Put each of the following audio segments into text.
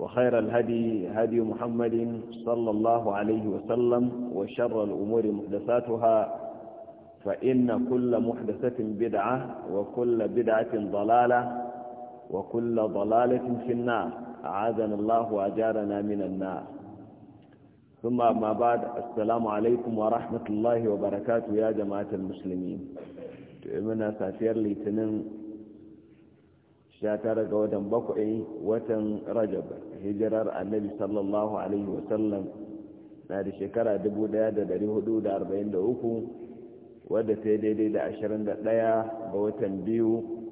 وخير الهدي هدي محمد صلى الله عليه وسلم وشر الأمور محدثاتها فإن كل محدثة بدعة وكل بدعة ضلالة وكل ضلالة في النار أعاذنا الله وأجارنا من النار ثم ما بعد السلام عليكم ورحمة الله وبركاته يا جماعة المسلمين تؤمنا سافير لتنم sha tara ga watan bakwai watan rajab hijirar annabi sallallahu alaihi wasallam na da shekara 1443 wadda ta daidai da 21 ga watan biyu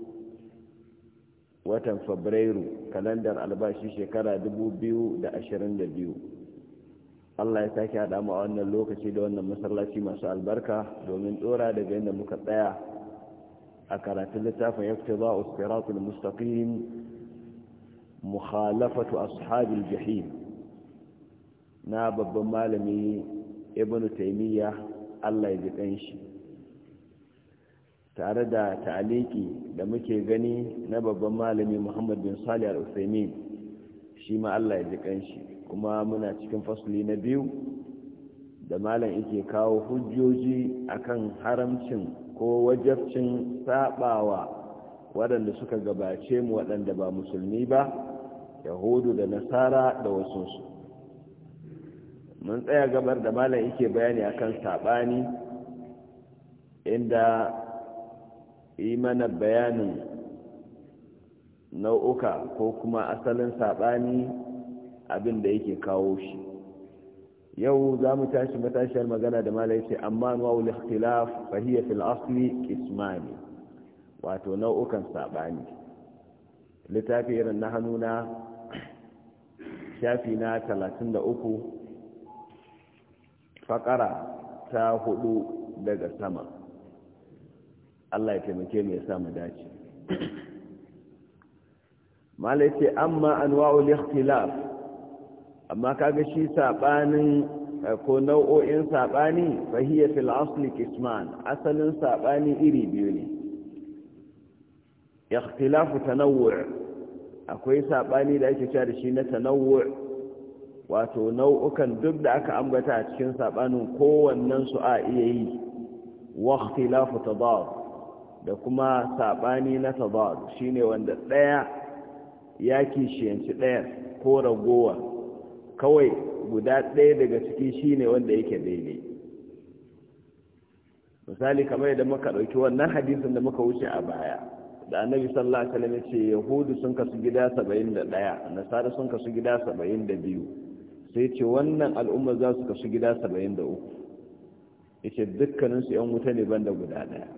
watan fabrairu kalandar albashi shekara 2022 Allah ya sake haɗa mu a wannan lokaci da wannan masallaci masu albarka domin tsora daga yadda muka tsaya a karatun littafin yaktiba usfiratul mustaqim mukhalafatu ashabil jahim na babban malami ibn taymiya Allah ya ji kanshi tare da ta'aliki da muke gani na babban malami Muhammad bin Salih al shi ma Allah ya ji kanshi kuma muna cikin fasli na biyu da malam yake kawo hujjoji akan haramcin ko wajabcin saɓawa waɗanda suka gabace mu waɗanda ba musulmi ba yahudu da nasara da su mun tsaya gabar da malam yake bayani akan saɓani inda yi mana bayanin nau'uka ko kuma asalin saɓani abin da yake kawo shi yau za mu tashi matashiyar magana da malai yace amma wawul ikhtilaf fa fil asli qismani wato nau'ukan sabani littafi irin na hannuna shafi na talatin 33 fakara ta hudu daga sama Allah ya taimake mu ya sa mu dace malai ce amma anwa'ul ikhtilaf amma kaga shi sabanin eh, ko nau'o'in sabani fahiya fil asli kisman asalin sabani iri biyu ne ikhtilafu tanawwu' akwai sabani da ake cewa da shi na tanawwu' wato nau'ukan duk da aka ambata a cikin sabanin kowannen su a iya yi wa ikhtilafu tadad da kuma sabani na tadad shine wanda daya ya kishiyanci daya ko ragowa kawai guda ɗaya daga ciki shine wanda yake daidai misali kamar yadda muka ɗauki wannan hadisin da muka wuce a baya da annabi sallallahu alaihi wasallam ya ce yahudu sun kasu gida 71 nasara sun kasu gida 72 sai ce wannan al'umma za su kasu gida 73 yace dukkanin su yan wuta ne banda guda daya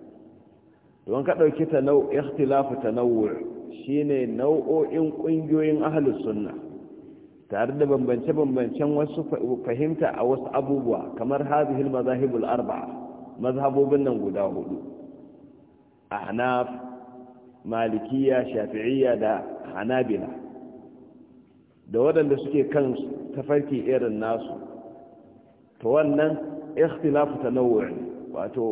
don ka dauki ta nau ikhtilafu tanawwu shine nau'o'in kungiyoyin ahlus sunnah tare da bambance-bambancen wasu fahimta a wasu abubuwa kamar hazihil mazahibul arba'a mazhabobin nan guda hudu ahnaf malikiya shafi'iyya da hanabila da waɗanda suke kan tafarki irin nasu Ta wannan ikhtilafu tanawwu' wato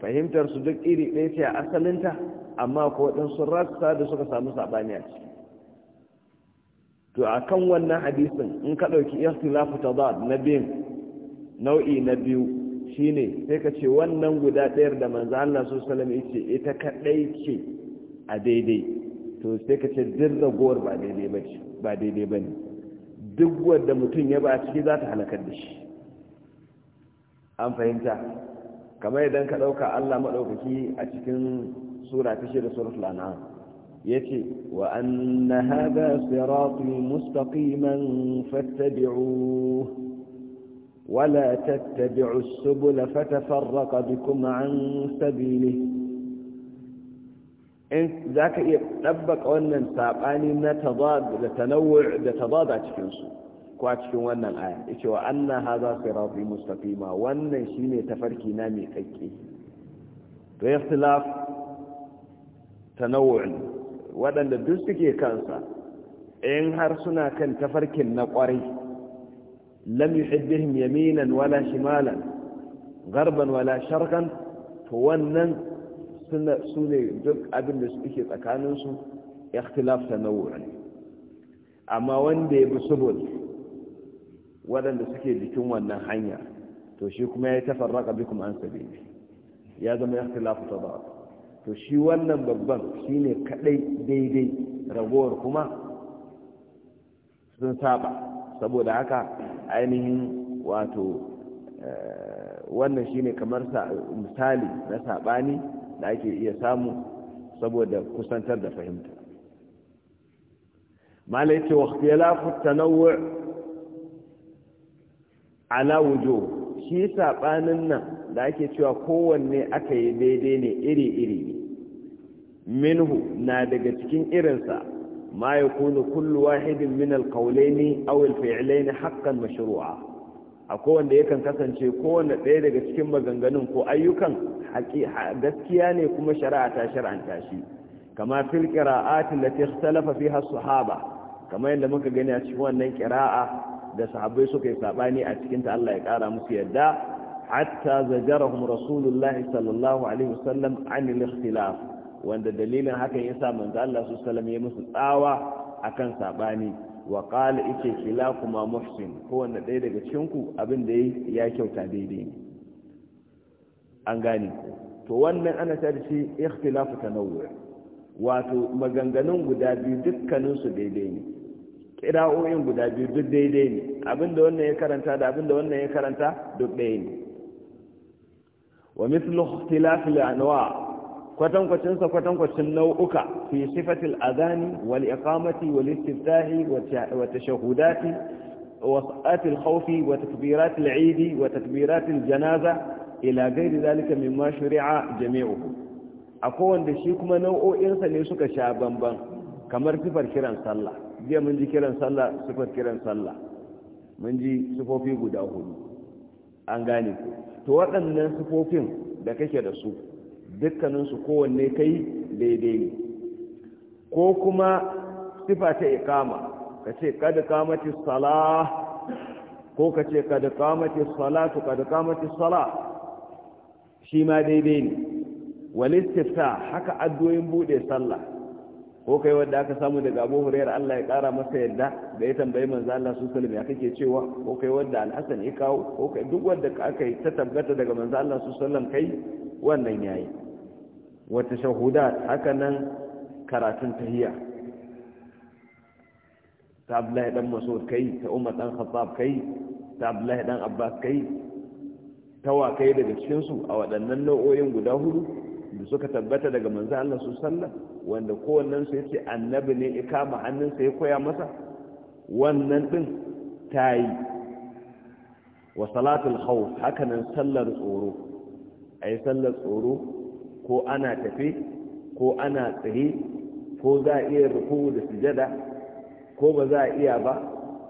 fahimtarsu duk iri ɗaya ce a asalinta amma ko waɗansu rassa da suka samu saɓani a ciki to a kan wannan hadisin in ka ɗauki ta tadad na biyun nau'i na biyu shine sai ka ce wannan guda ɗayar da manzan Allah su salam ya ce ita kadai ce a daidai to sai ka ce duk ragowar ba daidai ba daidai duk wadda mutum ya ba a ciki za ta halakar da shi an fahimta kamar idan ka ɗauka Allah maɗaukaki a cikin sura ta da suratul an'am يتي وأن هذا صراطي مستقيما فاتبعوه ولا تتبعوا السبل فتفرق بكم عن سبيله إن ذاك يتبق أن ساقاني ما تضاد لتنوع لتضاد أتفنسه كواتفن وأن الآية يتي وأن هذا صراطي مستقيما وأن يشين يتفركي نامي حكي فيختلاف تنوع waɗanda duk suke kansa in har suna kan tafarkin na ƙwari lam yuhiddihim yaminan wala shimalan garban wala sharkan to wannan su ne duk abin da suke tsakaninsu ikhtilaf na wurin amma wanda ya bi subul waɗanda suke jikin wannan hanya to shi kuma ya tafarraka bikum an sabili ya zama ikhtilafu ba. to shi wannan babban shine kadai daidai ragowar kuma sun saba saboda haka ainihin wato eh, wannan shine kamar misali na sabani da ake iya samu saboda kusantar da fahimta malai ce wa ala wujuh shi saɓanin nan da ake cewa kowanne aka yi daidai ne iri-iri minhu na daga cikin irinsa ma ya kunu kullu wahidin min alƙaulaini aw ne hakan mashru'a a kowanne yakan kasance kowanne ɗaya daga cikin maganganun ko ayyukan gaskiya ne kuma shari'a ta shari'anta shi kama fil qira'ati allati ikhtalafa fiha as-sahaba kamar yadda muka gani a cikin wannan qira'a da sahabbai suka yi sabani a cikinta Allah ya kara musu yadda hatta zajarahum rasulullahi sallallahu alaihi wasallam an al-ikhtilaf wanda dalilin hakan yasa manzo Allah sallallahu ya musu tsawa akan sabani wa qala ite kilakuma muhsin kowanne dai daga cikin ku abin da yayi ya kyauta daidai ne an gane to wannan ana ta shi ikhtilafu tanawwu wato maganganun guda biyu dukkaninsu daidai ne ƙira'o'in guda biyu duk daidai ne abinda wannan ya karanta da abinda wannan ya karanta duk ɗaya ne wa mislu ikhtilafil anwa kwatankwacin sa kwatankwacin nau'uka fi sifatil adani wal iqamati wal istiftahi wa tashahudati wa sa'atil khawfi wa takbiratil eid wa takbiratil janaza ila ghairi zalika mimma shuri'a jami'uhu akwai wanda shi kuma nau'o'insa ne suka sha bamban kamar sifar kiran sallah jiya mun ji kiran sallah sifar kiran sallah mun ji sifofi guda hudu an gane ku to waɗannan sifofin da kake da su dukkaninsu kowanne kai daidai ne ko kuma sifa ta ikama ka ce kada kamati salah ko ka ce kada kamati salatu kada kamati salah shi ma daidai ne walistifta haka addu'o'in buɗe sallah ko kai wanda aka samu daga Abu Hurairah Allah ya kara masa yadda da ya tambayi manzo Allah su sallama ya kake cewa ko kai wanda Al-Hasan ya kawo ko kai duk wanda aka yi ta tabbata daga manzo Allah su sallam kai wannan yayi wata shahuda haka nan karatun tahiyya ta Abdullahi dan Mas'ud kai ta Umar dan Khattab kai ta Abdullahi dan Abbas kai tawa kai daga cikin su a waɗannan nau'o'in guda hudu da suka tabbata daga manzan Allah su sallah wanda kowannen su yace annabi ne ya kama hannunsa ya koya masa wannan din yi. wa salatul khawf hakanan sallar tsoro ai sallar tsoro ko ana tafi ko ana tsaye ko za a iya ruku da sujada ko ba za a iya ba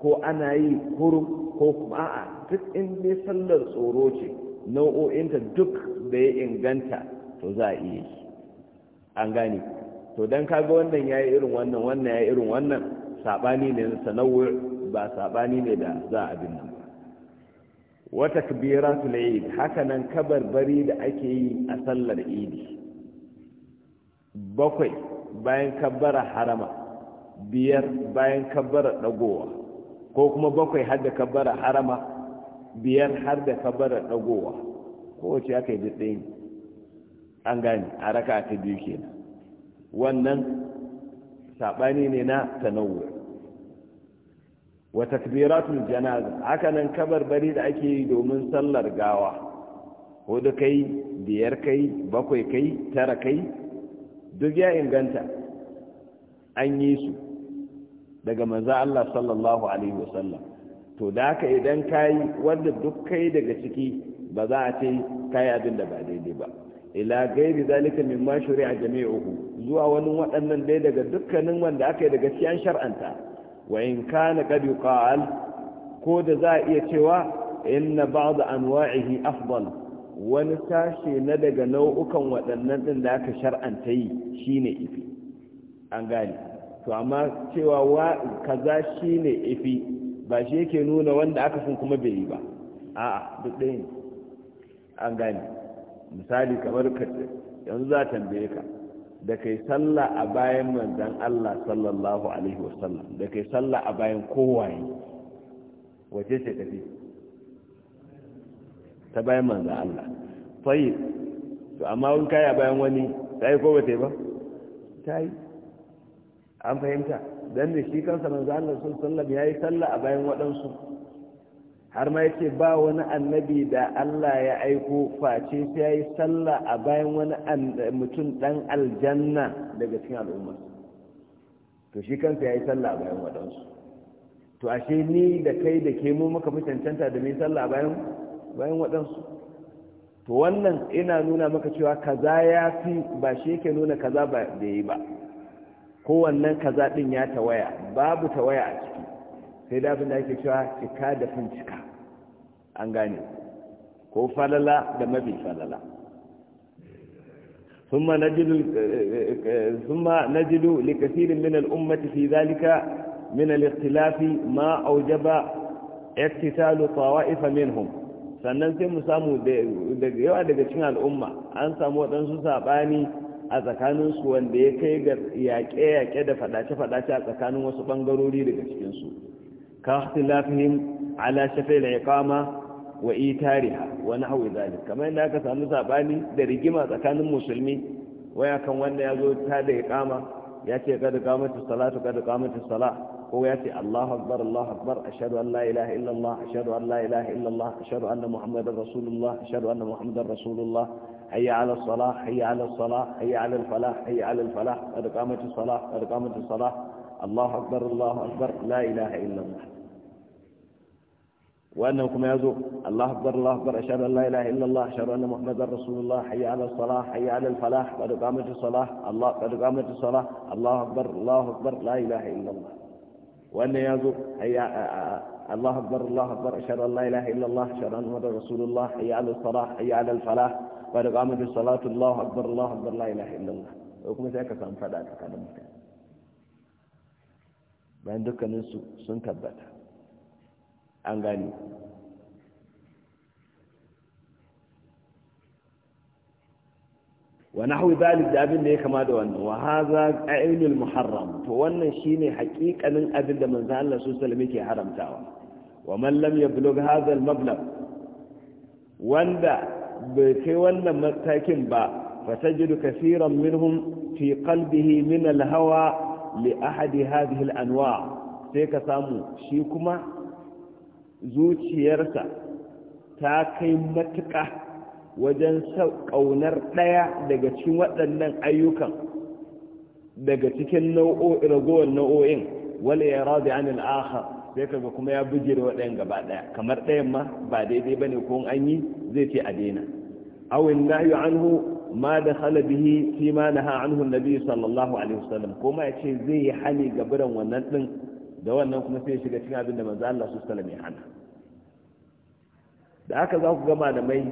ko ana yi kuru ko kuma a'a duk in sallar tsoro ce nau'o'inta duk da ya inganta to za a iya yi an gane to don kaga wannan ya yi irin wannan wannan ya yi irin wannan saɓani ne na sanawu ba saɓani ne da za a abin nan wata kabira su na idi haka nan kabarbari da ake yi a sallar idi bakwai bayan kabbara harama biyar bayan kabbara ɗagowa ko kuma bakwai har da kabbara harama biyar har da kabbara ɗagowa kowace aka yi ɗin an gane a raka ta biyu kenan wannan saɓani ne na tanawo wa takbiratul janaza haka nan kabarbari da ake yi domin sallar gawa hudu kai biyar kai bakwai kai tara kai duk ya inganta an yi su daga maza Allah sallallahu alaihi wasallam to da haka idan kayi wanda duk kai daga ciki ba za a ce kayi abin da ba daidai ba ila gairi zalika ma shari'a jami'uhu zuwa wani waɗannan dai daga dukkanin wanda aka yi daga cikin shar'anta wa in kana qad yuqal ko da za a iya cewa inna ba'd anwa'ihi afdal wani sashe na daga nau'ukan waɗannan din da aka shar'anta yi shine ifi an gane to amma cewa wa kaza shine ifi ba shi yake nuna wanda aka sun kuma bai yi ba a'a duk ɗaya an gane misali kamar ka yanzu za tambaye ka da kai sallah a bayan manzon Allah sallallahu alaihi wasallam da kai sallah a bayan kowaye wace ce kafi ta bayan manzon Allah fayi to amma kai a bayan wani ta yi ko ba ta yi ba ta yi an fahimta dan ne shi kansa manzon Allah sun sallam ya yi sallah a bayan waɗansu har ma yake ba wani annabi da Allah ya aiko face sai yayi sallah a bayan wani mutum ɗan aljanna daga cikin al'umma to shi kansa yayi sallah a bayan waɗansu to ashe ni da kai da ke mu muka fi cancanta da mai sallah a bayan bayan to wannan ina nuna maka cewa kaza ya fi ba shi yake nuna kaza ba da yi ba kowannan kaza ɗin ya tawaya babu tawaya a ciki sai da abin da ake cewa cika da fin cika an gane ko falala da mabi falala ثم نجد ثم نجد لكثير min الأمة في ذلك من الاختلاف ما أوجب اقتتال طوائف منهم sannan sai mu samu daga yawa daga cikin al'umma an samu waɗansu saɓani a tsakaninsu wanda ya kai ga yaƙe-yaƙe da faɗace-faɗace a tsakanin wasu ɓangarori daga cikinsu كاختلافهم على شفع العقامة وإيتارها ونحو ذلك كما إن هكذا سألنا سأباني درجمة كان المسلمين ويا كان وانا يزود هذا إقامة ياتي قد قامت الصلاة قد قامت الصلاة هو ياتي الله أكبر الله أكبر أشهد أن لا إله إلا الله أشهد أن لا إله إلا الله أشهد أن محمدا رسول الله أشهد أن محمدا رسول الله حي على الصلاة حي على الصلاة حي على الفلاح حي على الفلاح قد قامت الصلاة قد قامت الصلاة الله أكبر الله أكبر لا إله إلا الله وأنه كما يزور الله أكبر الله أكبر أشهد أن لا إله إلا الله أشهد أن محمدا رسول الله حي على الصلاة حي على الفلاح قد قامت الصلاة الله قد قامت الصلاة الله أكبر الله أكبر لا إله إلا الله وأن يزور حي آه، آه، آه، الله أكبر الله أكبر أشهد أن لا إله إلا الله أشهد أن محمدا رسول الله حي على الصلاة حي على الفلاح قد قامت الصلاة الله أكبر الله أكبر لا إله إلا الله وكما سيكا سأنفدأ تكلمك بأن دكا نسو سنتبتها an gane wa nahwi zalik da abin da ya kama da wannan wa hadha ainul muharram to wannan shine haƙiƙanin abin da manzo Allah su sallame ke haramtawa wa man lam yablugh hadha al mablagh wanda bai kai wannan matakin ba fatajidu kaseeran minhum fi qalbihi min al hawa li ahadi hadhihi al anwa sai ka samu shi kuma zuciyarsa ta kai matuƙa wajen ƙaunar ɗaya daga cikin waɗannan ayyukan daga cikin ragowar nau'o'in wale ya rabi an al'akha sai kaga kuma ya bujire waɗayan gaba ɗaya kamar ɗayan ma ba daidai ba ne ko an yi zai ce a daina awin nahyu anhu ma da halabihi fi ma naha anhu nabi sallallahu alaihi wasallam ko ma ya ce zai yi hali gaburan wannan ɗin da wannan kuma sai shiga cikin abin da manzo Allah su sallame hana da haka za ku ga malamai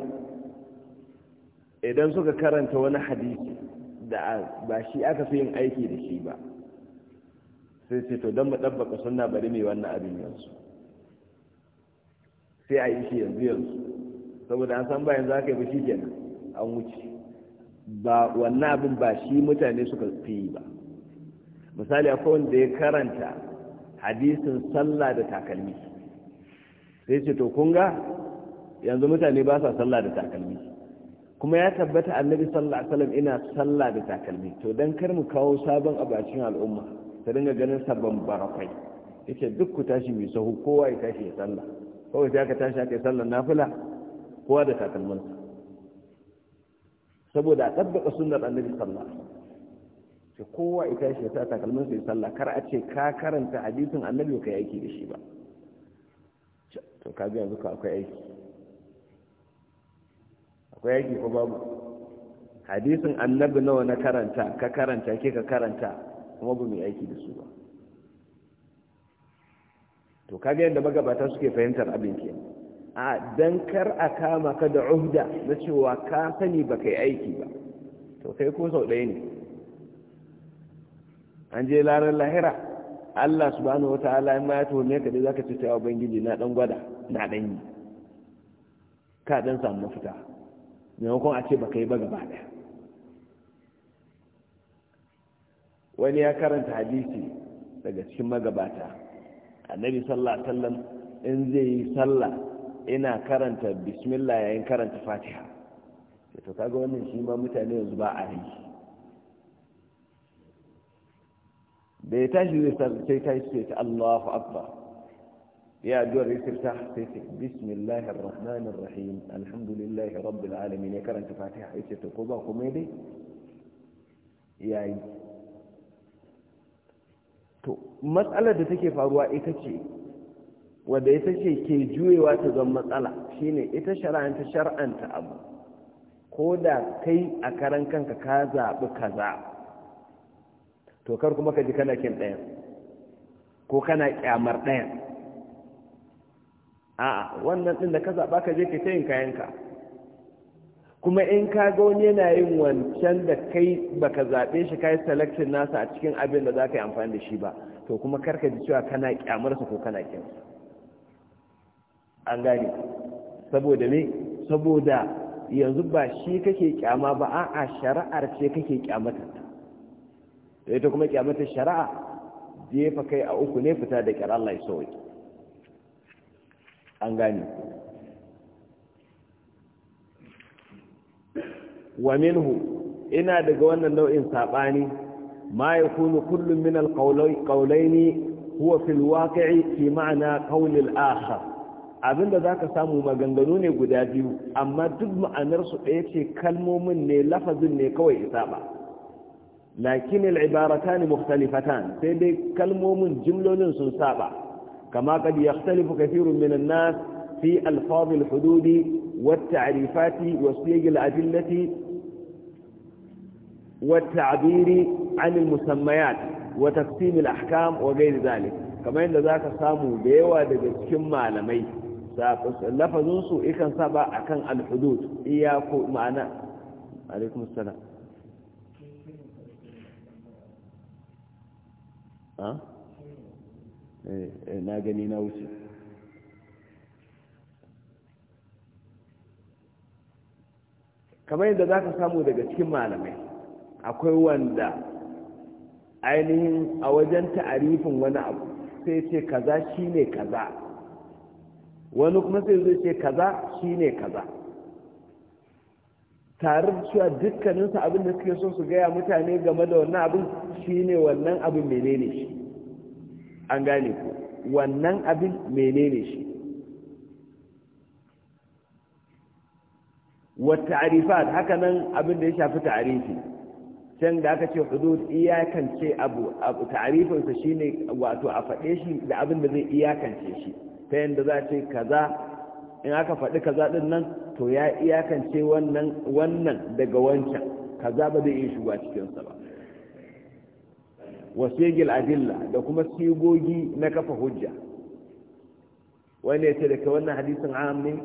idan suka karanta wani hadisi da ba shi aka fi yin aiki da shi ba sai sai to don mu ɗabbaka sunna bari mai wannan abin yanzu sai a yi shi yanzu yanzu saboda an san bayan za ka yi ba shi kenan an wuce ba wannan abin ba shi mutane suka fi yi ba misali akwai wanda ya karanta hadisin sallah da takalmi sai ce to kunga ga yanzu mutane ba sa sallah da takalmi kuma ya tabbata annabi sallallahu alaihi wasallam ina sallah da takalmi to dan kar mu kawo sabon abacin al'umma ta dinga ganin sabon barakai yace duk ku tashi mai sahu kowa ya tashi ya sallah kawai sai aka tashi aka yi sallar nafila kowa da takalminsa saboda a tabbata sunnar annabi sallallahu alaihi ce kowa ita shi ta takalmin sai sallah kar a ce ka karanta hadisin annabi ka aiki da shi ba to ka ga yanzu ka akwai aiki akwai aiki ko babu hadisin annabi nawa na karanta ka karanta ke ka karanta kuma ba mu aiki da su ba to ka ga yanda magabata suke fahimtar abin ke a dan kar a kama ka da uhda na cewa ka sani ba kai aiki ba to kai ko sau ɗaya ne an je larar lahira Allah subhanahu ta'ala in ma ya tuhume ka dai zaka ce ta ubangiji na dan gwada na dan yi ka dan samu mafita maimakon a ce baka yi ba gaba daya wani ya karanta hadisi daga cikin magabata annabi sallallahu alaihi wasallam in zai yi sallah ina karanta bismillah yayin karanta fatiha to kaga wannan shi ma mutane yanzu ba a yi da ya tashi zai sai ta sai ta Allahu akbar ya addu'ar ya sirta sai ta bismillahir rahmanir rahim alhamdulillahi rabbil alamin ya karanta fatiha ya ce to ko ba komai dai yayi to matsalar da take faruwa ita ce wanda ita ce ke juyewa ta zan matsala shine ita shara'anta shar'anta abu ko da kai a karan kanka ka zaɓi kaza to kar kuma ka ji kana kin ɗayan ko kana kyamar ɗayan a'a wannan ɗin da ka zaɓa ka je ka ta yin kayanka kuma in ka ga wani yana yin wancan da kai baka zaɓe shi ka yi selection nasa a cikin abin da za ka yi amfani da shi ba to kuma kar ka ji cewa kana ƙyamarsa ko kana kin an gane saboda me saboda yanzu ba shi kake kyama ba a'a shari'ar ce kake kyamata da ita kuma kyamatar shari'a jefa kai a uku ne fita da kyar Allah ya an gani wa minhu ina daga wannan nau'in sabani ma kunu kullum min alqawlaini huwa fil waqi'i fi ma'na qawl al-akhar abinda zaka samu maganganu ne guda biyu amma duk ma'anarsu ɗaya ce kalmomin ne lafazin ne kawai isaba lakin al'ibaratani mukhtalifatan sai dai kalmomin jimlolin sun saba kama kad yakhtalifu kathirun min an-nas fi alfaz al-hudud wa at-ta'rifat wa siyaq al-adillati wa at-ta'bir an al kama inda zaka samu da yawa daga cikin malamai lafazin su ikan saba akan al-hudud iyako ma'ana alaikum ha eh, eh, na gani na wuce kamar yadda za ka samu daga cikin malamai akwai wanda ainihin a wajen ta'arifin wani abu sai ce kaza shine kaza wani kuma sai zai ce kaza shine kaza tare da cewa dukkaninsu abin da suke son su gaya mutane game da wannan abin shine wannan abin menene shi an gane ku wannan abin menene shi wata arifat haka nan abin da ya shafi ta'arifi can da aka ce hudud iyakance abu abu ta'arifinsa shine wato a faɗe shi da abin da zai iyakance shi ta yadda za a ce kaza in aka faɗi kaza ɗin nan to ya iyakance wannan wannan daga wancan kaza ba zai iya shiga cikinsa ba wasigil adilla da kuma sigogi na kafa hujja wani ya ce da wannan hadisin am ne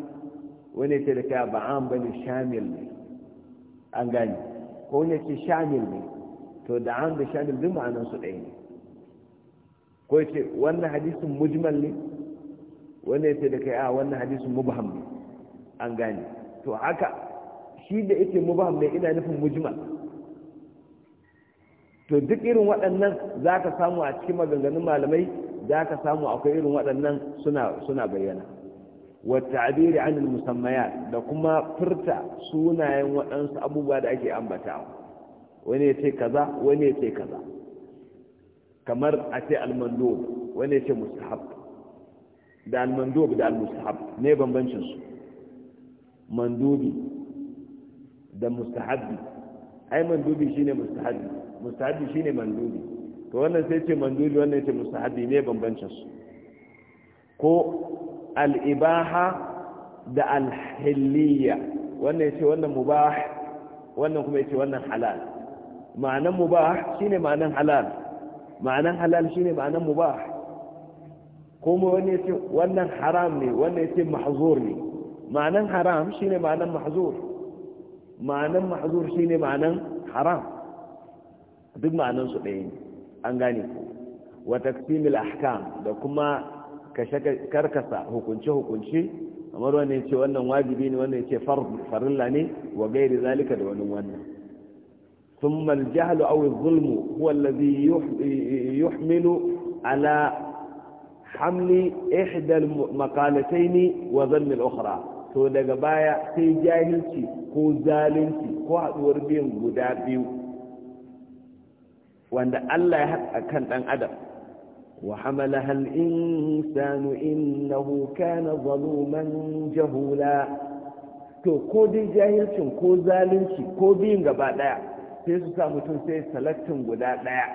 wani ya ce da kai ba am ba ne shamil ne an gani ko wani ya ce shamil ne to da am da shamil duk ma'anansu ɗaya ne ko ya ce wannan hadisin mujmal ne wanda ya ce da kai a ah, wannan hadisin mubham an gane to haka shi da yake mubham ne ina nufin mujmal to duk irin waɗannan zaka samu a cikin maganganun malamai zaka samu akwai irin waɗannan suna suna bayyana والتعبير عن musammayat da kuma furta sunayen waɗansu abubuwa da ake ambatawa wani ya kaza wani ya kaza kamar a ce almando wani ya mustahab da al-mandub da al-mustahab ne bambancin su mandubi da mustahabbi ai mandubi shine mustahabbi mustahabbi shine mandubi to wannan sai ce mandubi wannan ce mustahabbi ne bambancin su ko al-ibaha da al-hilliya wannan yace wannan mubah wannan kuma yace wannan halal ma'anan mubah shine ma'anan halal ma'anan halal shine ma'anan mubah kuma wani ya ce wannan haram ne wannan ya ce mahzur ne ma'anan haram shine ma'anan mahzur ma'anan mahzur shine ma'anan haram duk ma'anan su ɗaya ne an gane ku wa taqsimil ahkam da kuma karkasa hukunce hukunce kamar wani ya ce wannan wajibi ne wannan ya ce farilla ne wa gairi zalika da wani wannan ثم الجهل أو الظلم هو الذي يحمل على hamli ihdal maqalataini wa zanni al-ukhra to daga baya sai jahilci ko zalunci ko biyan guda biyu wanda Allah ya haɗa kan ɗan adam wa hamalaha al-insanu innahu kana zaluman jahula to ko jahilcin ko zalunci ko biyun gabaɗaya sai su sa mutum sai salaktin guda ɗaya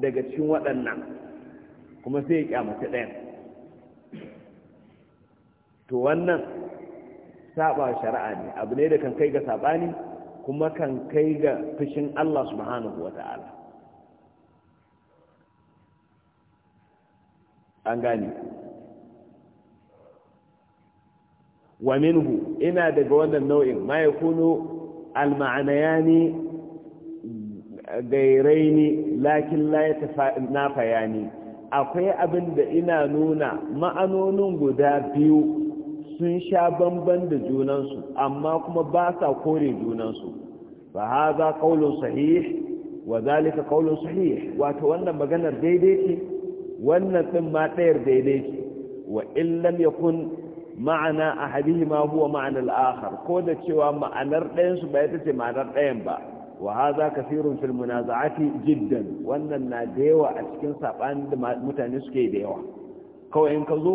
daga cikin waɗannan kuma sai ya kyamaci ɗaya. to wannan saba shari'a ne abu ne da kan kai ga saɓani kuma kan kai ga fushin Allah subhanahu wa ta'ala an gani wa minhu ina daga wannan nau'in ma ya kuno alma'anayani gairai ne lakin la nafaya akwai abin da ina nuna ma'anonin guda biyu sun sha bamban da junansu amma kuma ba sa kore junansu fa haza qaulun sahih wa zalika qaulun sahih wata wannan maganar daidai ce wannan din ma tsayar daidai ce wa in lam kun ma'ana ahadihima huwa ma'ana al-akhar ko da cewa ma'anar ɗayansu su ba ita ce ma'anar ɗayan ba wa hadha kathirun fil munaza'ati jiddan wannan na da yawa a cikin sabanin da mutane suke da yawa kawai in ka zo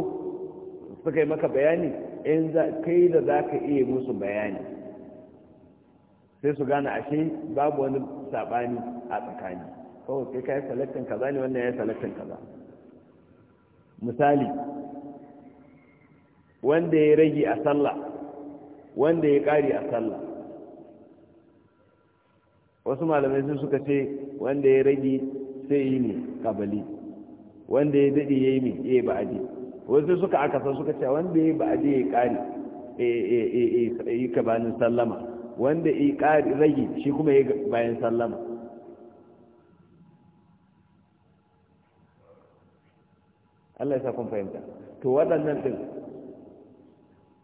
suka yi maka bayani in kai da za ka iya musu bayani sai su gane ashe babu wani sabani a tsakani kawai kai ka yi salaktan kaza ne wannan ya yi salaktan kaza misali wanda ya rage a sallah wanda ya kari a sallah wasu malamai sun suka ce wanda ya rage sai yi ne kabali wanda ya daɗe ya yi ne ya yi ba'adi wasu suka aka san suka ce wanda ya yi ba'adi ya ƙari yi kabanin sallama wanda ya ƙari rage shi kuma ya bayan sallama Allah ya sa kun fahimta to waɗannan ɗin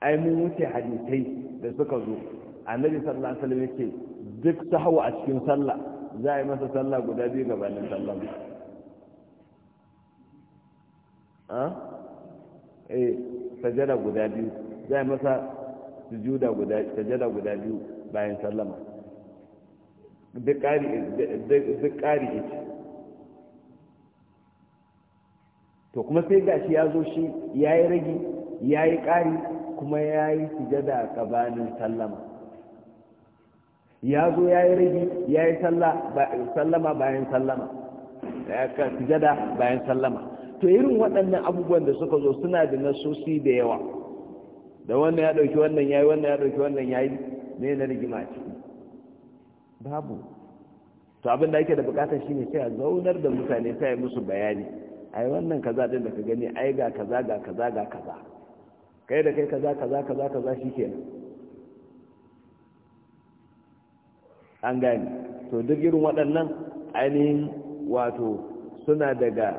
ai mun wuce hadisai da suka zo annabi sallallahu alaihi wasallam yake duk ta hawa a cikin sallah za a yi masa sallah guda biyu gabanin sallah eh sajada guda biyu za a yi masa guda sajada guda biyu bayan sallama duk ƙari duk ƙari ita to kuma sai shi ya zo shi ya yi ragi ya yi ƙari kuma ya yi sujada gabanin sallama ya zo ya yi ragi ya yi sallama bayan sallama ya sujada bayan sallama to irin waɗannan abubuwan da suka zo suna da nasosi da yawa da wannan ya ɗauki wannan ya yi wannan ya ɗauki wannan ya yi ne na rigima ce babu to abin da ake da bukatar shi ne sai a zaunar da mutane sai a musu bayani ai wannan kaza ɗin da ka gani ai ga kaza ga kaza ga kaza kai da kai kaza kaza kaza kaza shi kenan an gani to duk irin waɗannan ainihin wato suna daga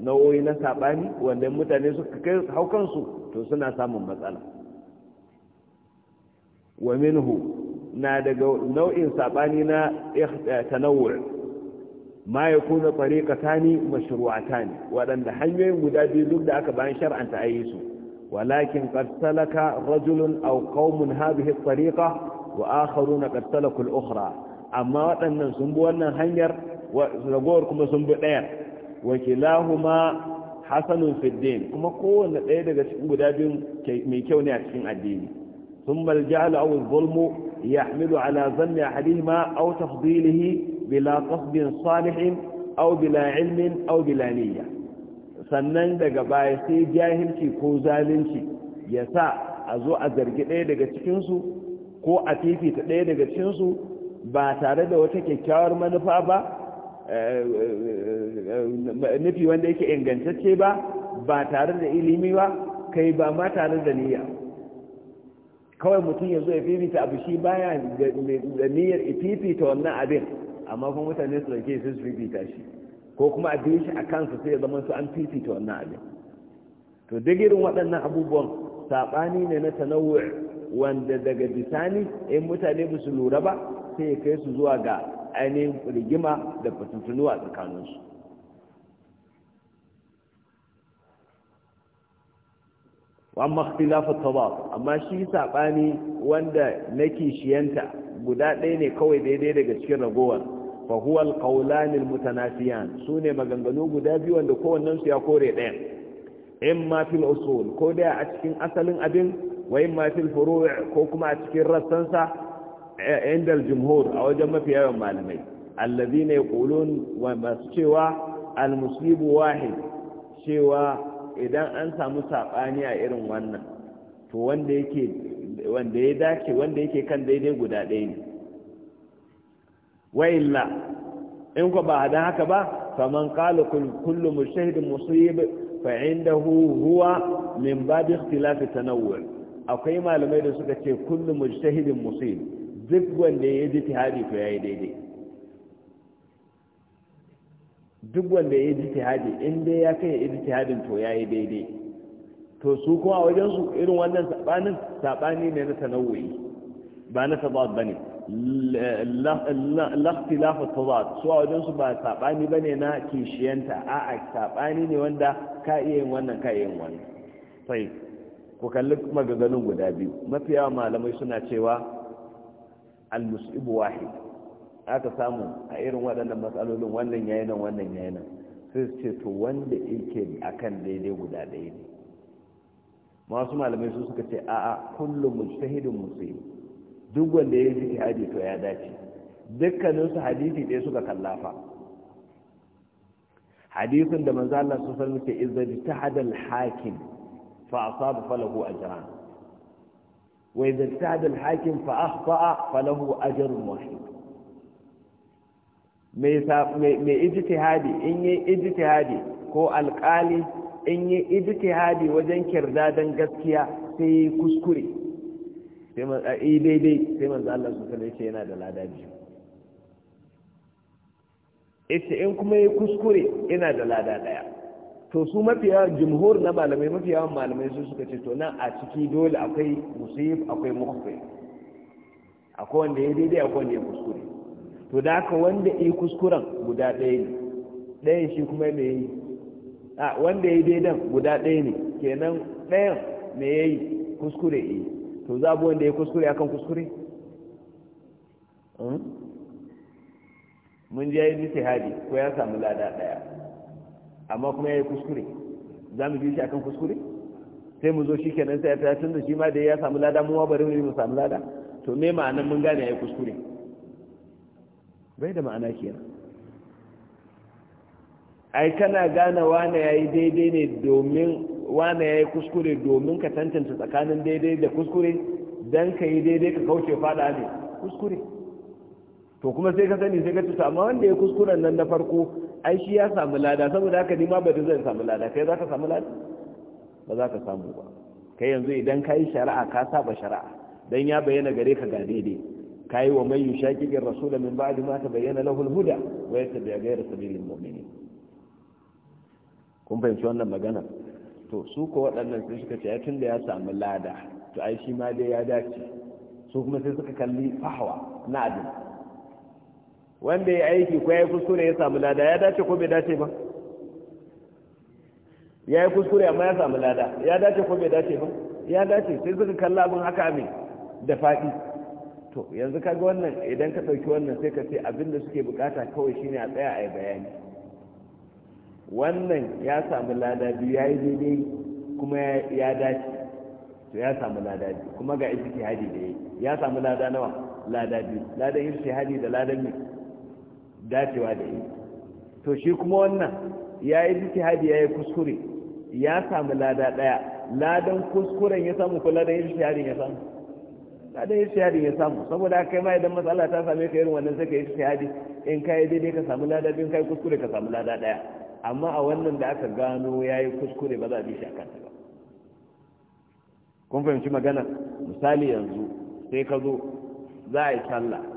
nau'o'i na saɓani wanda mutane suka kai haukansu to suna samun matsala wa minhu na daga nau'in saɓani na tanawur ma ya kuna ne waɗanda hanyoyin guda biyu duk da aka bayan shar'anta a yi su walakin ƙarsalaka rajulun au qaumun hadhihi tsarika wa akharuna qad salaku ukhra amma waɗannan sun bi wannan hanyar ragowar kuma sun bi ɗaya wakilahuma kilahuma hasanun fiddin kuma kowanne ɗaya daga cikin guda biyun mai kyau ne a cikin addini sun malja'al aw zulmu yahmilu ala zanni ahadihima aw tafdilihi bila qasdin salihin aw bila ilmin aw bila niyya sannan daga baya sai jahilci ko zalunci ya sa a zo a zargi ɗaya daga cikinsu ko a fifita ɗaya daga cinsu ba tare da wata kyakkyawar manufa ba eh, eh, eh, nufi wanda yake ingantacce ba ba tare da ilimi ba kai ba ma tare da niyya kawai mutum ya zo ya fifita abu shi baya da niyyar fifita wannan abin amma kuma mutane su dauke su fifita shi ko kuma a biyu shi a kansu sai ya zama su an fifita wannan abin to duk irin waɗannan abubuwan saɓani ne na tanawur wanda daga bisani in mutane ba su lura ba sai ya kai su zuwa ga ainihin rigima da fatuntunu a tsakaninsu amma ikhtilafu tabaq amma shi sabani wanda na shiyanta guda ɗaya ne kawai daidai daga cikin ragowar fa huwa alqawlan almutanafiyan sune maganganu guda biyu wanda kowannen su ya kore ɗaya imma fil usul ko da a cikin asalin abin Wai imma fil furu' ko kuma a cikin rassansa eh, inda Jumhuri a wajen mafi yawan malamai allazina yaqulun wa masu cewa al muslimu wahid cewa idan an samu sabani a irin wannan to wanda ya dace wanda yake kan daidai guda ɗaya ne wa illa in ko ba hadan haka ba faman qala kullu mushtahid musib fa indahu huwa min bab ikhtilaf tanawwu akwai malamai da suka ce kullum mujtahidin musul duk wanda ya ji tihadi to yayi daidai duk wanda ya ji tihadi in dai ya kai ya ji tihadin to yayi daidai to su kuma a wajen su irin wannan sabanin sabani ne na tanawwi ba na tabad bane lakhtilafu tabad su a wajen su ba sabani bane na kishiyanta a'a sabani ne wanda ka iya yin wannan ka iya yin wannan tayyib ko kalli maganganun guda biyu mafi yawa malamai suna cewa al-mus'ibu wahid aka samu a irin waɗannan matsalolin wannan yayin nan wannan yayin nan sai su ce to wanda yake akan daidai guda ɗaya ne masu malamai su suka ce a'a kullum mujtahidin muslim duk wanda ya yi jihadi to ya dace dukkanin su hadisi ɗaya suka kallafa hadisin da manzo Allah sallallahu alaihi wasallam ke izza jitahadal hakim فأصاب فله أجران وإذا اجتهد الحاكم فأخطأ فله أجر واحد mai ijtihadi in yi ijtihadi ko alkali in yi ijtihadi wajen kirdadan gaskiya sai yi kuskure sai daidai sai manzo Allah su kare ce yana da lada biyu ita in kuma yi kuskure yana da lada daya to su mafiya jumhur na malamai mafiya malamai su suka ce to nan a ciki dole akwai musayif akwai mukhfi akwai wanda ya daidai akwai wanda ya kuskure to da haka wanda yi kuskuren guda ɗaya ne ɗayan shi kuma me yi a wanda ya daidan guda ɗaya ne kenan ɗayan me ya yi kuskure yi to za bu wanda ya kuskure akan kuskure hmm? mun je yi hadi ko ya samu lada ɗaya amma kuma ya yi kuskure za mu bi shi akan kuskure sai mu zo shi kenan sai ta tun da shi ma da ya samu lada mu bari mu samu lada to me ma'anar mun gane ya yi kuskure bai da ma'ana kenan ai kana gane wane ya yi daidai ne domin wane ya yi kuskure domin ka tantance tsakanin daidai da kuskure don ka yi daidai ka kauce fada ne kuskure to kuma sai ka sani sai ka cuta amma wanda ya kuskuren nan na farko ai shi ya samu lada saboda haka ni ma ba zan samu lada kai za ka samu lada ba za ka samu ba kai yanzu idan ka yi shari'a ka saba shari'a dan ya bayyana gare ka ga daidai ka yi wa mai yushaƙiƙin rasula min ba'di ma ta bayyana lahul huda wa yattabi'a ghayra sabilil mu'minin kun fahimci wannan magana to su ko waɗannan sun suka ce tunda tun da ya samu lada to ai shi ma dai ya dace su kuma sai suka kalli fahwa na abin wanda ya aiki ko ya yi kuskure ya samu lada ya dace ko bai dace ba ya yi kuskure amma ya samu lada ya dace ko bai dace ba ya dace sai suka kalla abin haka mai da faɗi to yanzu kaga wannan idan ka ɗauki wannan sai ka ce abin da suke bukata kawai shine a tsaya a yi bayani wannan ya samu lada biyu ya yi daidai kuma ya dace to ya samu lada biyu kuma ga ijtihadi da yi ya samu lada nawa lada biyu ladan hadi da ladan ne. dacewa da yi to shi kuma wannan ya yi hadi ya yi kuskure ya samu lada ɗaya ladan kuskuren ya samu kula da ishtihadin ya samu ladan ishtihadin ya samu saboda kai ma idan matsala ta same ka irin wannan sai ka yi ishtihadi in ka yi daidai ka samu lada biyu ka yi kuskure ka samu lada ɗaya amma a wannan da aka gano ya yi kuskure ba za a bi shi a kanta ba kun fahimci magana misali yanzu sai ka zo za a yi sallah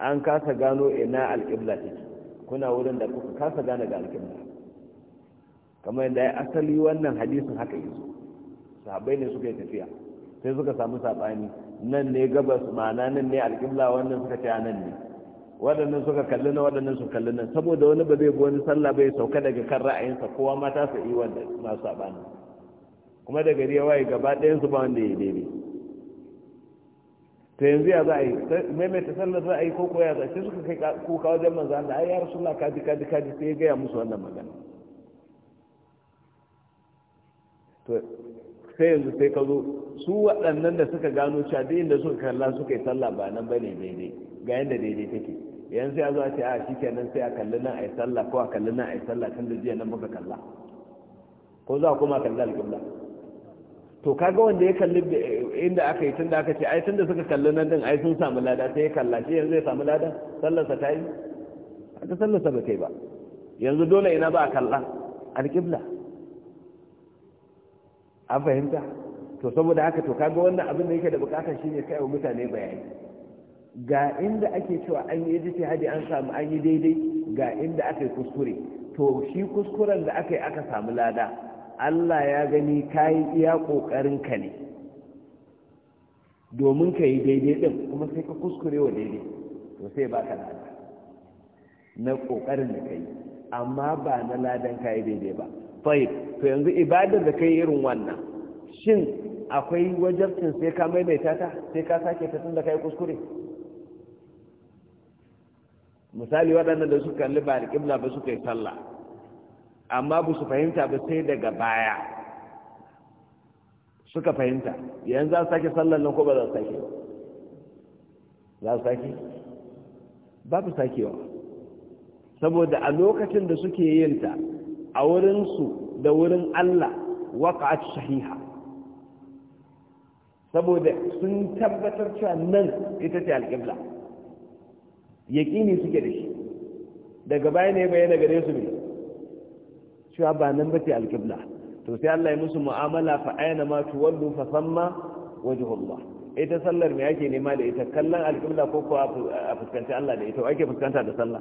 an kasa gano ina alƙibla take kuna wurin da kuka kasa gane ga alƙibla kamar yadda ya asali wannan hadisin haka yi sabai ne suka yi tafiya sai suka samu saɓani nan ne gabas ma'ana nan ne alƙibla wannan suka ce nan ne waɗannan suka kalli na waɗannan su kalli nan saboda wani ba zai bi wani sallah bai sauka daga kan ra'ayinsa kowa ma ta yi wanda masu saɓani kuma daga gari ya waye gaba ɗayan su ba wanda ya daidai ta yanzu ya za a yi ta sallar za a yi koko ya za a ce suka kai kuka wajen manzan da ayyar suna kaji kaji kaji sai ya gaya musu wannan magana to sai yanzu sai ka zo su waɗannan da suka gano cewa duk inda suka kalla suka yi sallah ba nan bane daidai ga yadda daidai take yanzu ya zo a ce a ah, shikenan sai a kalli nan a yi sallah ko a kalli nan a yi sallah tun da jiya nan muka kalla ko za a koma kalli alƙibla to kaga wanda ya kalli inda aka yi tun da aka ce ai tun da suka kalli nan din ai sun samu lada sai ya kalla shi yanzu ya samu lada sallarsa ta yi ta sallarsa ba kai ba yanzu dole ina ba a kalla alƙibla an fahimta to saboda haka to kaga wannan abin da yake da bukatar shi ne kai wa mutane bayani ga inda ake cewa an yi hadi an samu an yi daidai ga inda aka yi kuskure to shi kuskuren da aka yi aka samu lada Allah ya gani ka yi iya ƙoƙarin ka ne domin ka yi daidai ɗin kuma sai ka kuskure wa daidai to sai ba ka lada na ƙoƙarin da ka yi amma ba na ladan ka yi daidai ba fai to yanzu ibadar da ka yi irin wannan shin akwai wajabcin sai ka maimaita ta sai ka sake ta tun da ka yi kuskure misali waɗanda da suka kalli ba da ƙibla ba suka yi sallah amma ba su fahimta ba sai daga baya suka fahimta yanzu za su sake sallar nan ko ba za su sake ba za su sake ba su sakewa saboda a lokacin da suke yinta a wurinsu da wurin Allah waƙa'at shahiha saboda sun tabbatar cewa nan ita ce alƙibla yaƙini suke da shi daga baya ne bayyana gare su ne cewa ba nan ce alƙibla to sai Allah ya musu mu'amala fa aina ma wallu fa thamma wajhullah ita sallar me yake nema da ita kallon Alƙibla ko ko a fuskanci Allah da ita ake fuskanta da sallah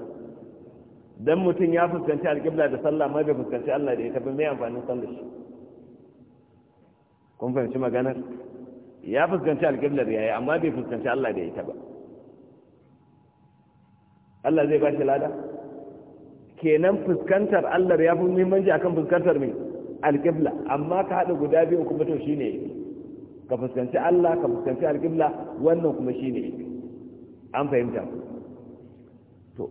dan mutum ya fuskanci Alƙibla da sallah ma bai fuskanci Allah da ita ba me amfanin sallar shi kun fahimci maganar ya fuskanci alƙiblar yayi amma bai fuskanci Allah da ita ba Allah zai ba shi lada kenan fuskantar Allah ya fi muhimmanci akan fuskantar mai alƙibla amma ka haɗa guda biyu kuma to ne ka fuskanci Allah ka fuskanci alƙibla wannan kuma shine an fahimta to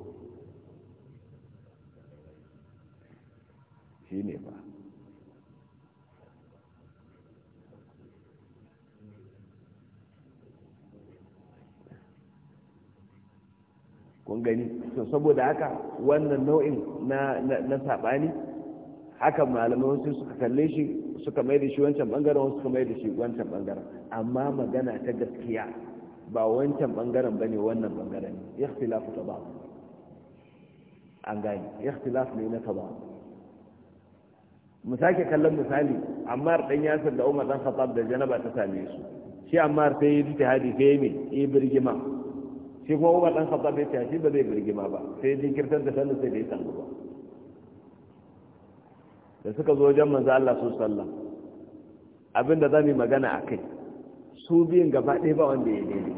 shine ba kun gani to saboda haka wannan nau'in na na sabani haka malamai wasu suka kalle shi suka mai da shi wancan bangaren wasu suka mai da shi wancan bangaren amma magana ta gaskiya ba wancan bangaren bane wannan bangaren ikhtilafu ba an gani ikhtilaf ne na tabaq mu sake kallon misali amma dan yasir da umar dan khattab da janaba ta same su shi amma sai yi ijtihadi sai yi mai yi birgima shi kuma umar dan khattab ya tashi shi ba zai birgima ba sai jinkirtar da sallar sai da ya sallu ba da suka zo wajen manzo Allah su sallam abinda zamu yi magana akai su biyan gaba ɗaya ba wanda ya daidai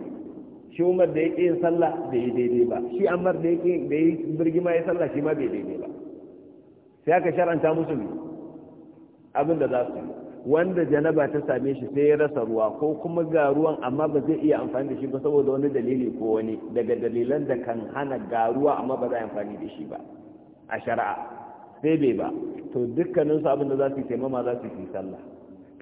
shi umar da ya ƙi yin sallah da ya daidai ba shi amar da ya ƙi da ya birgima ya sallah shi ma bai daidai ba sai aka sharanta musu ne abinda za su yi wanda janaba ta same shi sai ya rasa ruwa ko kuma ga ruwan amma ba zai iya amfani da shi ba saboda wani dalili ko wani daga dalilan da kan hana ga ruwa amma ba za a amfani da shi ba a shari'a sai bai ba to dukkanin su abin da za su yi taimama za su yi sallah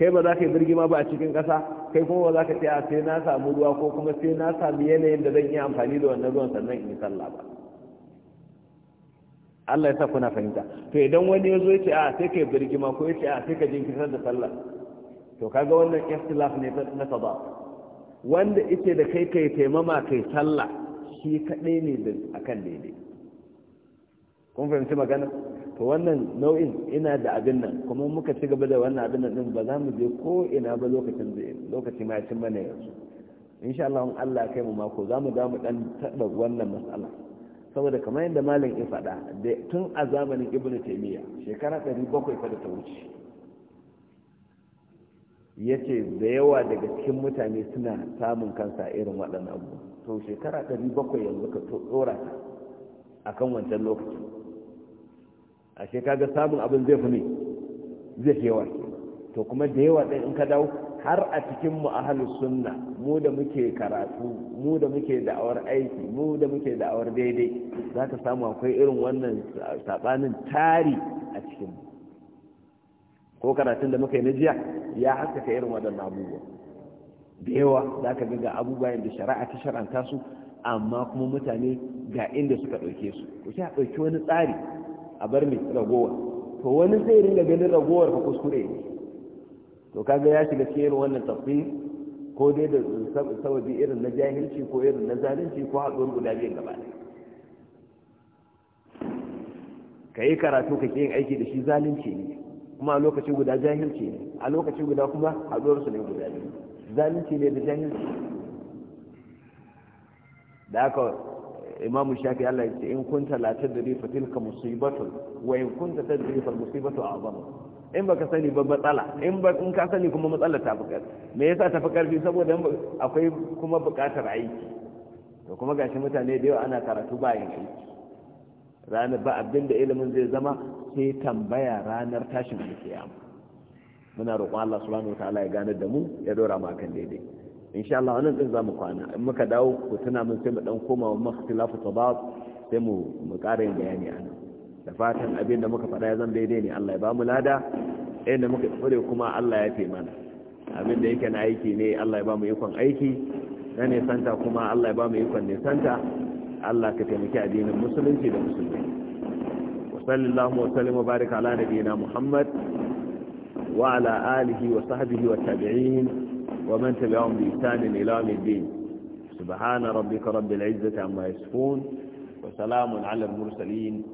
kai ba za ka yi birgima ba a cikin ƙasa kai kuma ba za ka ce a sai na samu ruwa ko kuma sai na samu yanayin da zan iya amfani da wannan ruwan sannan in yi sallah ba Allah ya sa kuna fahimta to idan wani ya zo ya ce a ah, sai ka yi birgima ko ya ce a ah, sai ka jinkirtar da sallah to kaga wannan ikhtilaf ne na qada wanda yake da kai kai taimama kai sallah shi kadai ne da akan daidai kun fahimci magana to wannan nau'in ina da abin nan kuma muka ci gaba da wannan abin nan din ba za mu je ko ina ba lokacin lokaci ma cin mana yanzu insha Allah Allah ya kai mu mako za mu za mu dan taba wannan mas'ala saboda kamar yadda malam ya faɗa tun a zamanin ibnu taimiyya shekara 700 fa da ta wuce ya ce da yawa daga cikin mutane suna samun kansa irin waɗannan abu to shekara 700 yanzu ka tsora ta a kan wancan lokaci a ga samun abin zai fi ne zai yawa to kuma da yawa ɗin in ka dawo har a cikin mu ahlus sunna mu da muke karatu mu da muke da'awar aiki mu da muke da'awar daidai ka samu akwai irin wannan sabanin tari a cikin mu ko karatun da muka yi na jiya ya haskaka irin waɗannan abubuwa da yawa za ka ga abubuwa yadda shari'a ta shar'anta su amma kuma mutane ga inda suka ɗauke su ku a ɗauki wani tsari a bar mai ragowa to wani sai ringa ganin ragowar ka kuskure ne to kaga ya shiga cikin irin wannan tafsir ko dai da sababi irin na jahilci ko irin na zalunci ko haɗuwar guda biyan gaba ka yi karatu ka yin aiki da shi zalunci ne kuma a lokaci guda jahilci ne a lokaci guda kuma haɗuwar su ne guda biyu zalunci ne da jahilci da haka imamu shafi Allah ya ce in kunta latar da rifa tilka musibatu wa in kunta tadrifa fa musibatu a'zamu in baka sani ba matsala in ba in ka sani kuma matsala ta fi ƙarfi me yasa ta fi karfi saboda akwai kuma buƙatar aiki to kuma gashi mutane da yawa ana karatu bayan aiki ranar ba abin da ilimin zai zama sai tambaya ranar tashin alkiya muna roƙon Allah subhanahu Ta'ala ya gane da mu ya dora mu akan daidai insha Allah wannan din zamu kwana in muka dawo ku tuna mun sai mu dan koma wa sabab sai mu mu ƙara yin bayani anan da fatan abin da muka faɗa ya zan daidai ne Allah ya ba mu lada inda muka tsure kuma Allah ya fi mana abin da yake na aiki ne Allah ya ba mu ikon aiki na nesanta kuma Allah ya ba mu ikon nisanta Allah ka taimaki addinin musulunci da musulmi wa sallallahu wa sallam wa baraka ala nabiyina Muhammad wa ala alihi wa sahbihi wa tabi'in wa man tabi'ahum bi ihsan ila yawm الدين سبحان ربك رب العزة عما يصفون وسلام على المرسلين